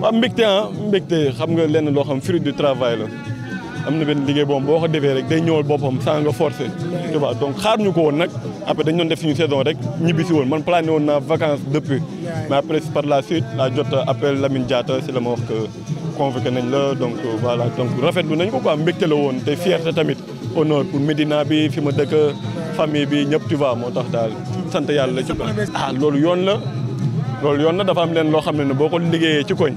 waaw mbégte ah mbégte xam nga lenn loo xam fruit du travail la am na benn liggéey boobu boo ko defee rek day ñëwal boppam sans nga forcer tu vois donc xaar ñu ko woon nag après dañ doon def suñu saison rek ñibbi si woon man plané woon naa vacances depuis mais après par la suite laa jot appel Lamine Diatta si la ma wax que convoqué nañ la donc euh, voilà donc rafetlu nañ ko quoi mbégte la woon te fierté tamit honneur pour Médina bi fi ma dëkk famille bi ñëpp tu vois moo tax daal sant yàlla ci ah loolu yoon la loolu yoon la dafa am leen loo xam ne ne boo ko liggéeyee ci koñ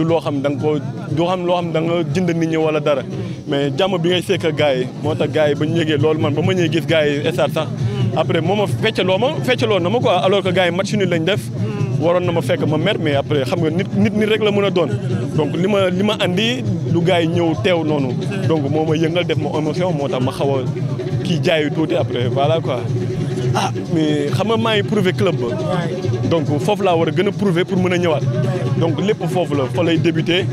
du loo xam da nga ko du xam loo xam da nga jënd nit ñi wala dara mais jàmm bi ngay sekk gars yi moo tax gars yi ba ñu yëgee loolu man ba ma ñëwee gis gars yi stade sax après moo ma feccaloo ma feccaloo na ma quoi alors que gars yi match lañ def waroon na ma fekk ma mer mais après xam nga nit nit nit rek la mën a doon donc li ma li ma andi lu yi ñëw teew noonu donc moo ma yëngal def ma émotion moo tax ma xaw a kii jaayu tuuti après voilà quoi ah mais xam nga maa ngi prouver club ba. donc foofu laa war a gën a prouver pour mën a ñëwaat. donc lépp foofu la fa lay débuter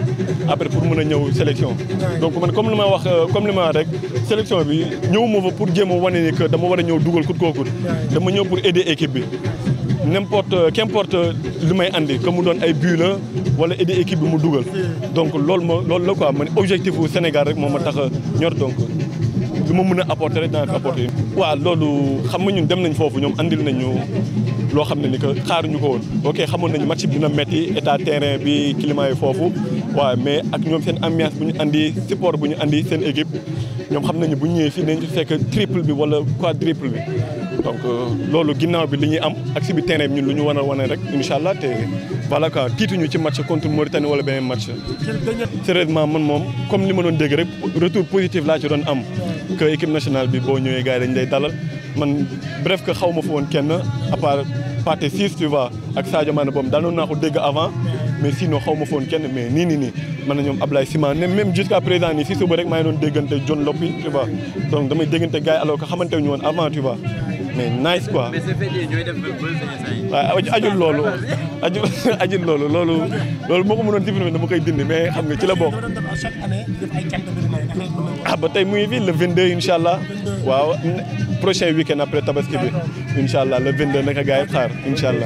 après pour mën a ñëw sélection. donc man comme li ma wax euh, comme li ma wax rek sélection bi ñëwuma fa pour jéem wane ni dama war a ñëw dugal kut kooku. ñëw pour aider équipe bi. n'importe euh, qu'importe may andi que mu doon ay but la wala aider équipe bi mu dugal. donc loolu ma loolu la quoi man objectif bu Sénégal rek moo ma tax a ñor donc. lu ma mun a apporter rek danaa ko apporter. waaw loolu xam nga ñu dem nañ foofu ñoom andil nañ ñu loo xam ne ni que xaaruñu ko woon. ok xamoon nañu match bi dina metti état terrain bi climat yi foofu waaw mais ak ñoom seen ambiance bu ñu andi support bu ñu andi seen équipe ñoom xam nañu bu ñu ñëwee fii dañu fekk triple bi wala quadruple bi. donc euh, loolu ginnaaw bi li ñuy am ak si bi terrain bi lu ñu war a wane rek incha allah te voilà quoi tiituñu ci match contre Mauritanie wala beneen match. sérieusement man moom comme ni ma doon dégg rek retour positif laa ci doon am. que équipe nationale bi boo ñëwee gars yi dañ lay dalal man bref que xaw ma woon kenn à part Pathé Ciss tu vois ak Sadio Mané boobu daanoon naa dégg avant. mais sinon xaw ma foon kenn mais nii nii nii man na ñoom Ablaye Sima ne même jusqu'à présent nii si suba rek maa woon avant tu vois mais nice quoi. mais waaw ajul loolu. ajul ajul loolu loolu. loolu moo ko mënoon dimbali dama kay dindi mais xam nga ci la bokk. ah ba tey mu ngi fi le 22 incha allah. waaw prochain week-end après tabaski bi. incha allah le 22 naka gars yi xaar allah.